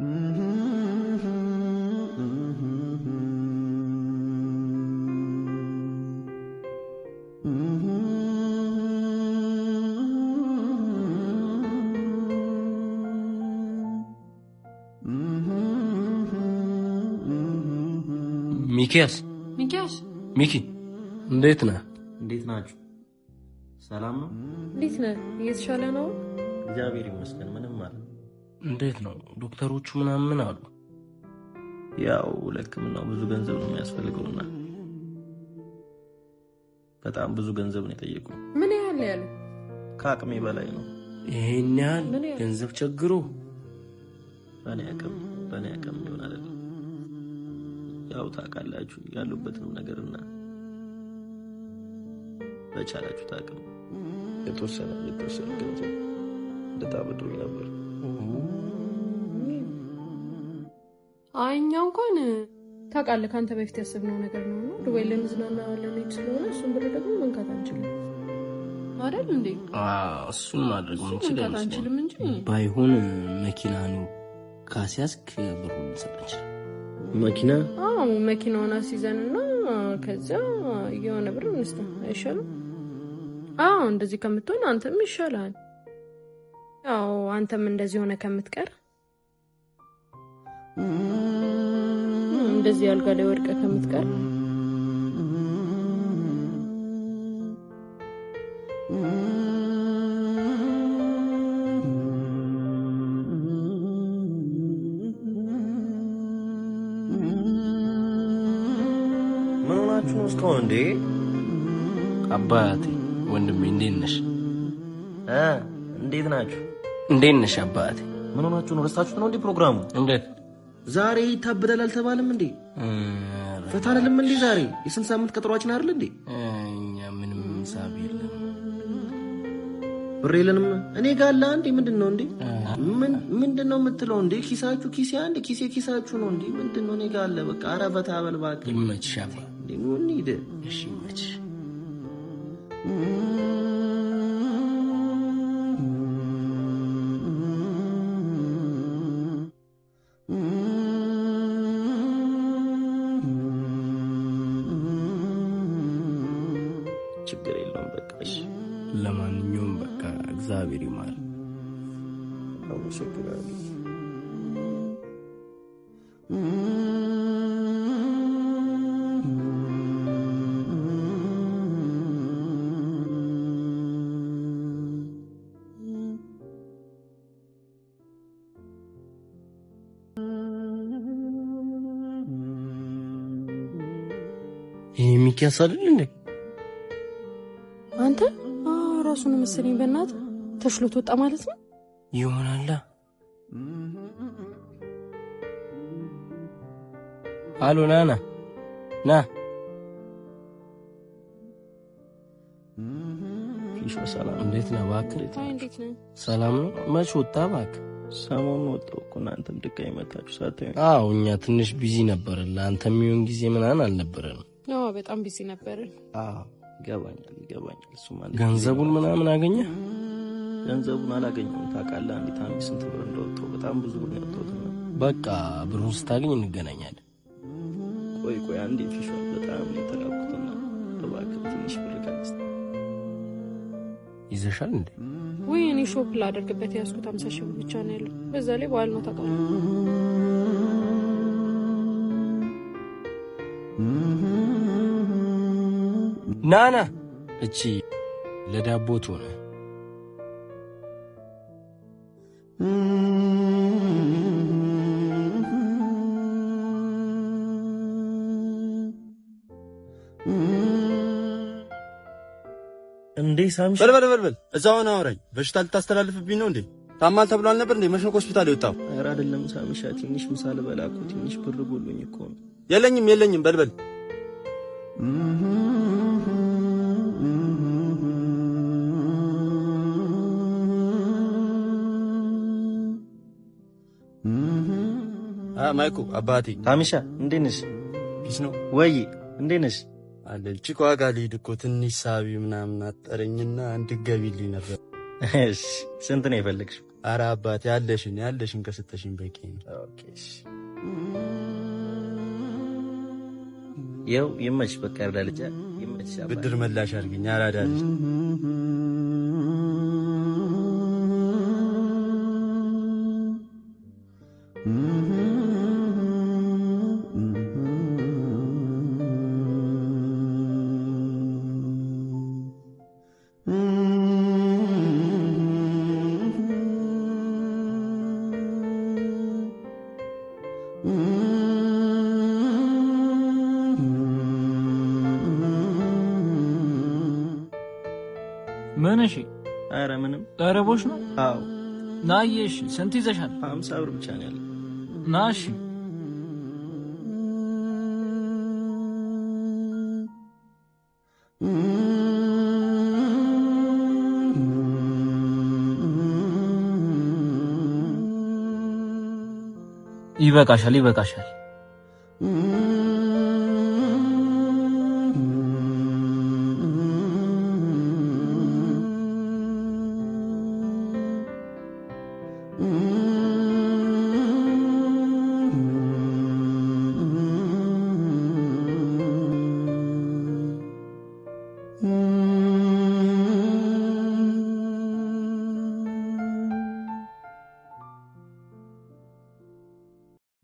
ሚኪያስ ሚኪያስ ሚኪ እንዴት ነህ? እንዴት ናችሁ? ሰላም ነው? እንዴት ነህ? እየተሻለ ነው? እግዚአብሔር ይመስገን። እንዴት ነው ዶክተሮቹ ምናምን አሉ? ያው ለሕክምናው ብዙ ገንዘብ ነው የሚያስፈልገውና በጣም ብዙ ገንዘብ ነው የጠየቁ። ምን ያህል ያሉ? ከአቅሜ በላይ ነው። ይህን ያህል ገንዘብ ቸግሮ በእኔ አቅም በእኔ አቅም ሊሆን አይደለም። ያው ታውቃላችሁ ያሉበትንም ነገርና በቻላችሁ ታቅም የተወሰነ የተወሰነ ገንዘብ እንደታበድሩኝ ነበር አይ እኛ እንኳን ታውቃለህ፣ ከአንተ በፊት ያሰብነው ነገር ነው ነው ዱባይ ልንዝናና ለመሄድ ስለሆነ እሱን ብር ደግሞ መንካት አንችልም አይደል እንዴ? እሱን ማድረግ መንካት አንችልም እንጂ ባይሆን መኪና ነው ካሲያስክ ብሩ ልንሰጥ መኪና። አዎ መኪናውን አስይዘንና ከዚያ የሆነ ብር እንስታ አይሻልም? አዎ እንደዚህ ከምትሆን አንተም ይሻልሃል። ያው አንተም እንደዚህ ሆነ ከምትቀር እንደዚህ አልጋ ላይ ወድቀ ከምትቀር እንዴ አባቴ፣ ወንድሜ እንዴት ነሽ? እንዴት ናችሁ? እንዴት ነሽ አባቴ? ምን ሆናችሁ ነው? ረሳችሁት ነው እንዴ ፕሮግራሙ? እንዴት ዛሬ ይታበላል አልተባለም እንዴ? ፈታ አይደለም እንዴ ዛሬ? የስንት ሳምንት ቀጠሯችን አይደል እንዴ? እኛ ምንም ሳብ የለም ብር የለንም። እኔ ጋላ እንዴ ምንድን ነው እንዴ? ምንድን ነው የምትለው እንዴ? ኪሳችሁ ኪሴ አንድ ኪሴ ኪሳችሁ ነው እንዴ? ምንድን ነው እኔ ጋለ በቃ ኧረ በታ በል እባክህ። ይመችሽ አባ እንዴ ምን ሂድ እሺ ይመችሽ ይሄ ሚኪያስ አይደል እንዴ? አንተ ራሱን መሰለኝ። በእናት ተሽሎት ወጣ ማለት ነው ይሆናላ። አሎ ናና ና ሰላም እንዴት ነህ? እባክህ ሰላም ነው። መች ወጣ እባክህ? ሰሞኑን ወጣሁ እኮ እናንተም ድካ ይመታችሁ ሳታዩ። አዎ እኛ ትንሽ ቢዚ ነበርን፣ ለአንተ የሚሆን ጊዜ ምናምን አልነበረንም። በጣም ቢዚ ነበርን። ይገባኛል ይገባኛል። ገንዘቡን ምናምን አገኘ ገንዘቡን አላገኘሁም። ታውቃለህ አንዲት አንዲ ስንት ብር እንደወጣሁ በጣም ብዙ ብር ያወጣሁት። በቃ ብሩን ስታገኝ እንገናኛለን። ቆይ ቆይ አንዴ ፊሽል በጣም የተላኩትና እባክህ ትንሽ ብር ቀንስ ይዘሻል እንዴ? ወይ እኔ ሾፕ ላደርግበት የያዝኩት አምሳ ሺህ ብር ብቻ ነው ያለው። በዛ ላይ በዓል ነው ታውቃለህ ናና እቺ ለዳቦቱ ነው። እንዴ ሳሚ በልበል በልበል፣ እዛው ነው አውራኝ። በሽታ ልታስተላልፍብኝ ነው እንዴ? ታማል ተብሎ አልነበር እንዴ? መሽኖ ሆስፒታል የወጣው? ኧረ አይደለም ሳሚሻ፣ ትንሽ ምሳ ልበላ እኮ ትንሽ ብር ጎሎኝ እኮ ነው። የለኝም የለኝም፣ በልበል ማይኩ አባቴ ታሚሻ እንዴት ነሽ? ቢስ ነው ወይ? እንዴት ነሽ? አለች ቋጋ ልሂድ እኮ ትንሽ ሳቢ ምናምን አጠረኝና እንድገቢልኝ ነበር። እሺ ስንት ነው የፈለግሽው? አረ አባቴ ያለሽን ያለሽን ከስተሽን በቂ ነው። ኦኬ ይኸው ይመችሽ። በቃ ብላለች ብድር መላሽ አድርገኝ አራዳ გარემოშნო? აუ. ნაიეში, სენტიზაშან. ამ საურმ ჩანელი. ნაში. იბეკაშა, იბეკაშა.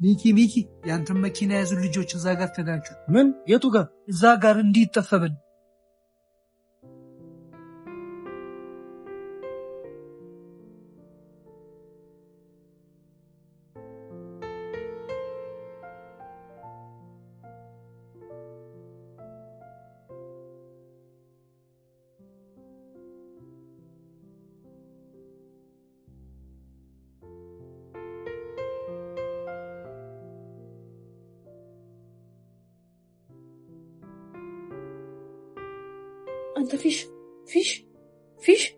ሚኪ ሚኪ፣ ያንተን መኪና የያዙ ልጆች እዛ ጋር ተናቸው። ምን? የቱ ጋር? እዛ ጋር እንዲጠፈብን أنت فيش فيش فيش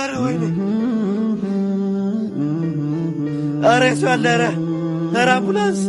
አረ ወይኔ፣ አረ የሱ ያለ አረ አምቡላንስ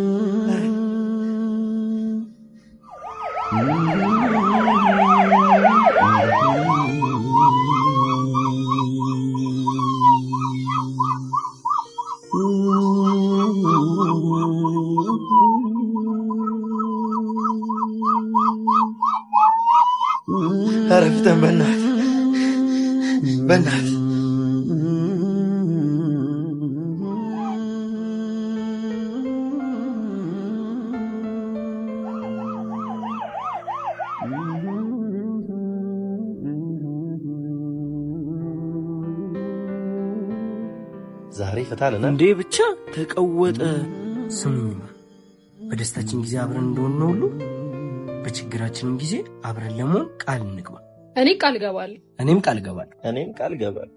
ዛሬ ፈታንና እንዴ ብቻ ተቀወጠ። ስሙኝማ በደስታችን ጊዜ አብረን እንደሆነ ሁሉ በችግራችንም ጊዜ አብረን ለመሆን ቃል እንግባ። እኔ ቃል ገባል። እኔም ቃል ገባል። እኔም ቃል ገባል።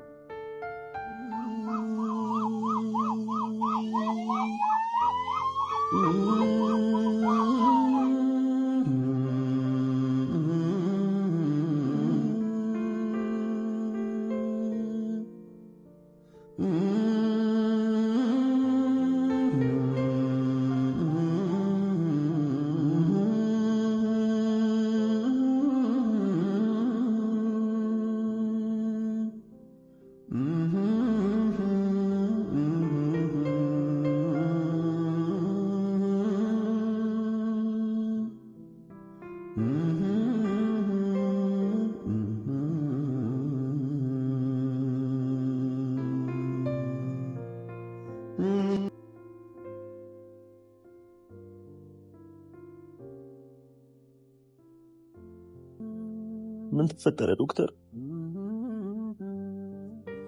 ምን ተፈጠረ ዶክተር?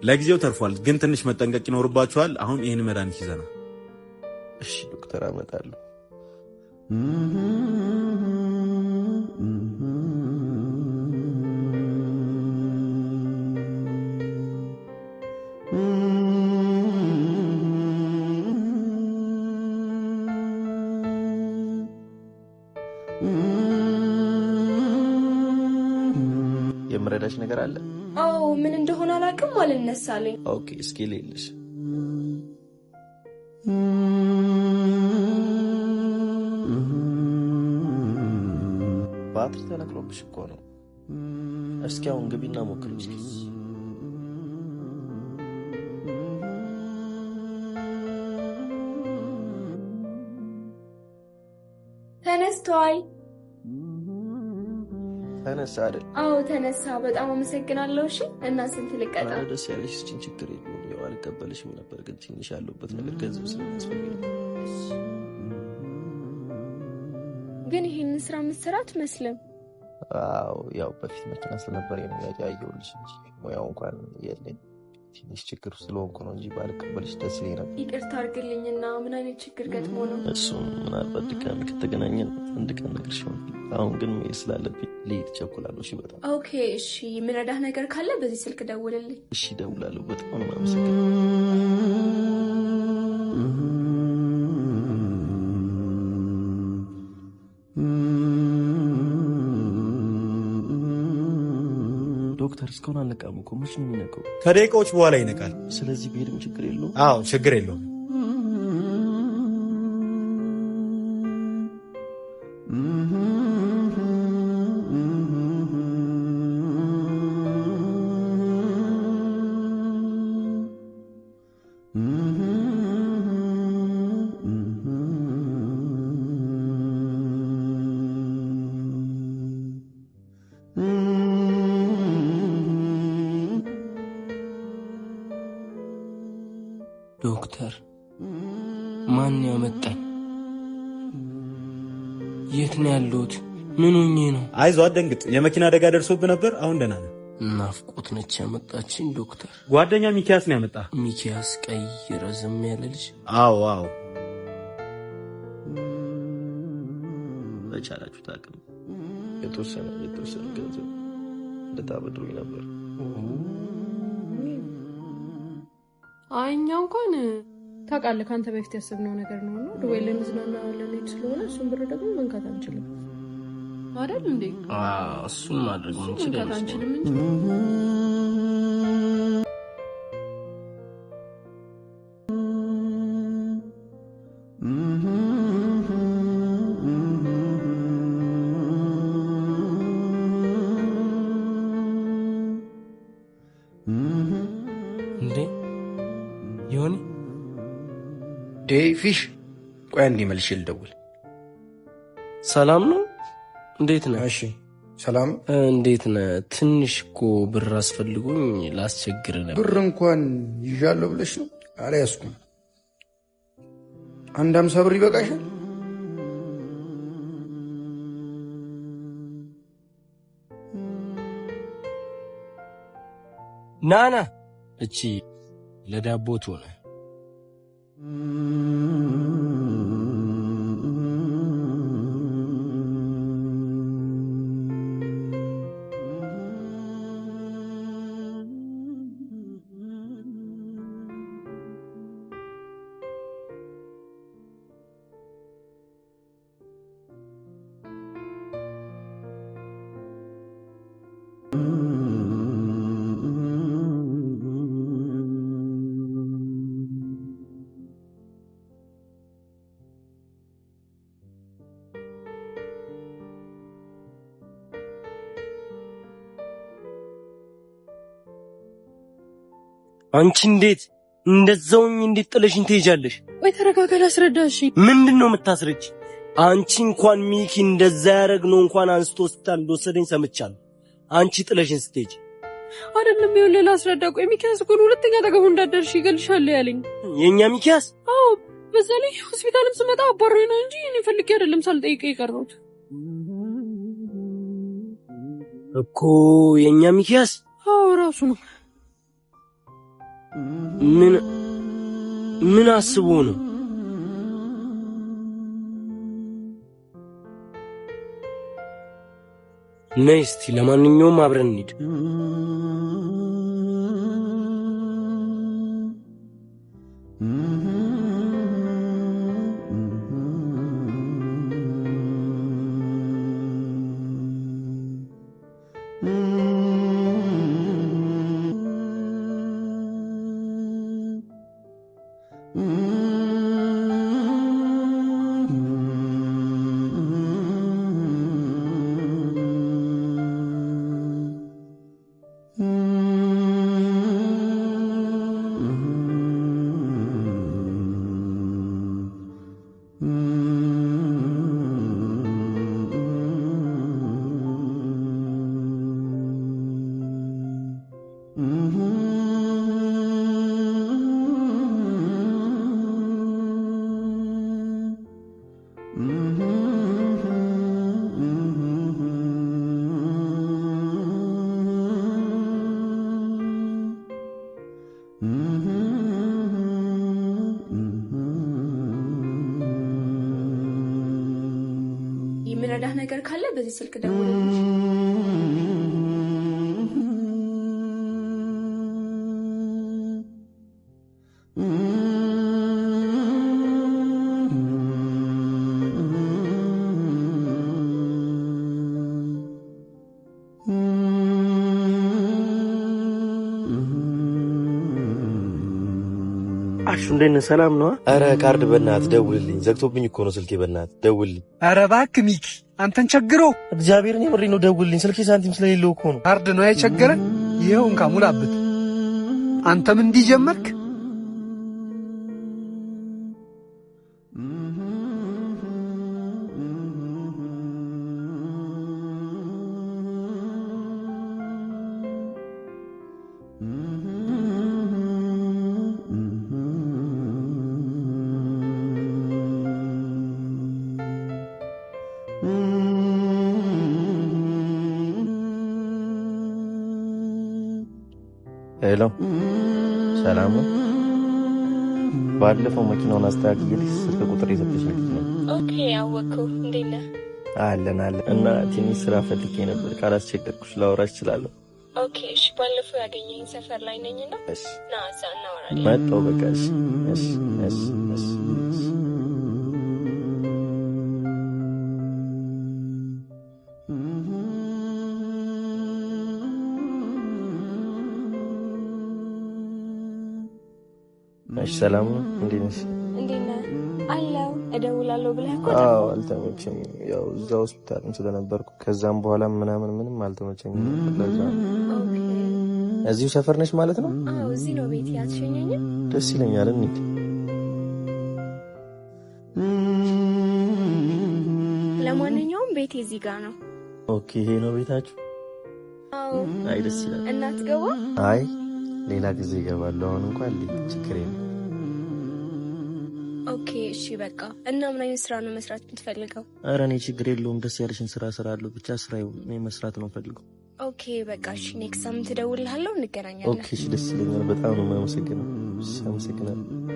ለጊዜው ተርፏል፣ ግን ትንሽ መጠንቀቅ ይኖርባችኋል። አሁን ይህን መድኃኒት ይዘና። እሺ ዶክተር አመጣለሁ። Mm-hmm. የምረዳሽ ነገር አለ? አዎ፣ ምን እንደሆነ አላውቅም። አልነሳለኝ። ኦኬ፣ እስኪ ልልሽ። ባትሪ ተነክሮብሽ እኮ ነው። እስኪ አሁን ግቢና ሞክር እስኪ ተነስተዋል። ተነሳ አይደል? አዎ ተነሳ። በጣም አመሰግናለሁ። እሺ እና ስንት ልቀጣ? ደስ ያለሽ ስችን ችግር የለም። አልቀበልሽም ነበር ግን ትንሽ ያለሁበት ነገር ገንዘብ ስለሚያስፈልግ ግን ይህን ስራ የምትሰራ አትመስልም። አዎ ያው በፊት መኪና ስለነበር የሚያያየውልሽ ሙያው እንኳን የለኝ ትንሽ ችግር ውስጥ ስለሆንኩ ነው እንጂ ባልቀበልሽ ደስ ይለኝ ነበር። ይቅርታ አድርግልኝና ምን አይነት ችግር ገጥሞ ነው? እሱ ምናልባት ድጋሚ ከተገናኘን አንድ ቀን ነግርሽ ይሆን። አሁን ግን ስላለብኝ ልሄድ ቸኩላለሁ። እሺ፣ በጣም ኦኬ። እሺ፣ የምረዳህ ነገር ካለ በዚህ ስልክ ደውልልኝ። እሺ፣ እደውላለሁ። በጣም አመሰግናለሁ። ዶክተር እስካሁን አልነቃም እኮ መች ነው የሚነቀው? ከደቂቃዎች በኋላ ይነቃል። ስለዚህ ብሄድም ችግር የለውም። አዎ ችግር የለውም። ማን ያመጣኝ? የት ነው ያለሁት? ምን ሆኜ ነው? አይዞ አደንግጥ። የመኪና አደጋ ደርሶብህ ነበር። አሁን ደህና ነህ። ናፍቆት ነች ያመጣችኝ ዶክተር። ጓደኛ ሚኪያስ ነው ያመጣ። ሚኪያስ ቀይ ረዘም ያለ ልጅ? አዎ አዎ። በቻላችሁ ታቅም የተወሰነ የተወሰነ ገንዘብ ልታበድሩኝ ነበር። አይ እኛ እንኳን ታውቃለህ፣ ከአንተ በፊት ያሰብነው ነገር ነው ነው ዱባይ ልንዝናና ልንሄድ ስለሆነ እሱን ብር ደግሞ መንካት አንችልም አይደል እንዴ? እሱን ማድረግ እንጂ ዴ ፊሽ፣ ቆይ አንዴ መልሼ ልደውል። ሰላም ነው? እንዴት ነህ? እሺ ሰላም እንዴት ነህ? ትንሽ እኮ ብር አስፈልጎኝ ላስቸግር ነበር። ብር እንኳን ይዣለሁ ብለሽ ነው? አልያዝኩም። አንድ አምሳ ብር ይበቃሻል? ናና እቺ ለዳቦት ሆነ Mm-hmm. አንቺ እንዴት እንደዛውኝ እንዴት ጥለሽኝ ትሄጃለሽ? ወይ ተረጋጋ፣ ላስረዳሽ። ምንድን ነው የምታስረጅ? አንቺ እንኳን ሚኪ እንደዛ ያደረግ ነው እንኳን አንስቶ ሆስፒታል እንደወሰደኝ ሰምቻለሁ። አንቺ ጥለሽን ስትሄጂ አይደለም። ይኸውልህ ላስረዳ። ቆይ ሚኪያስ እኮ ሁለተኛ አጠገቡ እንዳደርሽ ይገልሻል ያለኝ። የእኛ ሚኪያስ? አዎ። በዛ ላይ ሆስፒታልም ስመጣ አባሮኝ ነው እንጂ እኔ ፈልጌ አይደለም ሳልጠይቀ የቀረሁት እኮ የእኛ ሚኪያስ። አዎ ራሱ ነው ምን ምን አስቦ ነው? ነይ እስቲ ለማንኛውም አብረን እንሂድ። ነገር ካለ በዚህ ስልክ ደውል። እንዴት ነህ? ሰላም ነው? አረ ካርድ በእናት ደውልልኝ፣ ዘግቶብኝ እኮ ነው ስልኬ። በእናት ደውልልኝ። አረ እባክህ ሚኪ፣ አንተን ቸግሮ እግዚአብሔርን የምሬ ነው። ደውልልኝ፣ ስልኬ ሳንቲም ስለሌለው እኮ ነው። ካርድ ነው የቸገረ። ይኸው እንካ ሙላበት። አንተም እንዲህ ጀመርክ። ሄሎ፣ ሰላም ባለፈው መኪናውን አስተካክል ስልክ ቁጥር የሰጠሽ ነው። ኦኬ፣ አወቅኩ። እንዴት ነህ? አለን አለን። እና ትንሽ ስራ ፈልጌ ነበር። ካላስቸገርኩሽ ላወራሽ እችላለሁ? ኦኬ፣ እሺ። ባለፈው ያገኘኝ ሰፈር ላይ ነኝና ና እዛ እናወራለን። መጣሁ። በቃ እሺ፣ እሺ፣ እሺ እሺ፣ ሰላም ነው። እንዴት ነሽ? አለው እደውላለሁ ብለህ አልተመቸኝም። ያው እዛ ሆስፒታልም ስለነበርኩ ከዛም በኋላ ምናምን ምንም አልተመቸኝም። እዚሁ ሰፈር ነች ማለት ነው? እዚህ ነው ቤት። ያትሸኘኝም ደስ ይለኛል። እንዴት ለማንኛውም ቤቴ እዚህ ጋ ነው። ኦኬ፣ ይሄ ነው ቤታችሁ? አይ፣ ደስ ይላል። እናትገባ አይ ሌላ ጊዜ ይገባሉ። አሁን እንኳን ችግር የለም። ኦኬ፣ እሺ፣ በቃ እና ምን አይነት ስራ ነው መስራት የምትፈልገው? ኧረ እኔ ችግር የለውም። ደስ ያለሽን ስራ እሰራለሁ። ብቻ ስራ መስራት ነው ፈልገው። ኦኬ፣ በቃ እሺ፣ ኔክስት ሳምንት እደውልልሃለሁ፣ እንገናኛለን። ኦኬ፣ እሺ፣ ደስ ይለኛል። በጣም ነው የማመሰግነው። አመሰግናለሁ።